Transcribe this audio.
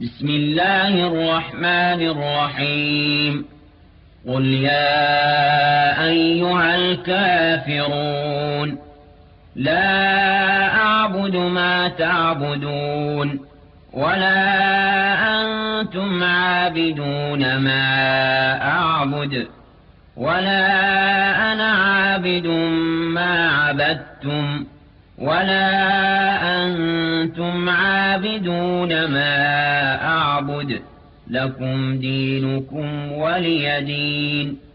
بسم الله الرحمن الرحيم قل يا أيها الكافرون لا أعبد ما تعبدون ولا أنتم عابدون ما أعبد ولا أنا عابد ما عبدتم ولا أنتم عابدون ما أعبد لكم دينكم ولي دين